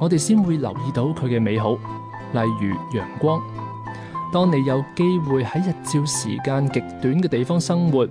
我哋先會留意到佢嘅美好，例如陽光。當你有機會喺日照時間極短嘅地方生活，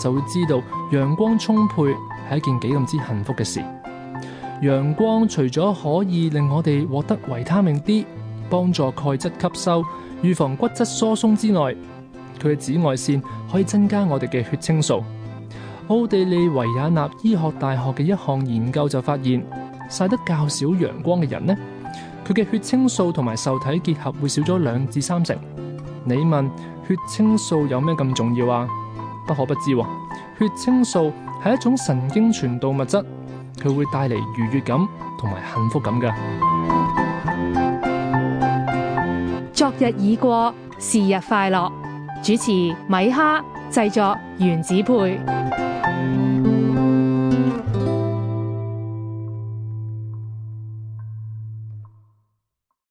就會知道陽光充沛係一件幾咁之幸福嘅事。陽光除咗可以令我哋獲得維他命 D，幫助鈣質吸收，預防骨質疏鬆之外，佢嘅紫外綫可以增加我哋嘅血清素。奧地利維也納醫學大學嘅一項研究就發現。曬得較少陽光嘅人呢，佢嘅血清素同埋受體結合會少咗兩至三成。你問血清素有咩咁重要啊？不可不知喎，血清素係一種神經傳導物質，佢會帶嚟愉悅感同埋幸福感噶。昨日已過，是日快樂。主持米哈，製作原子配。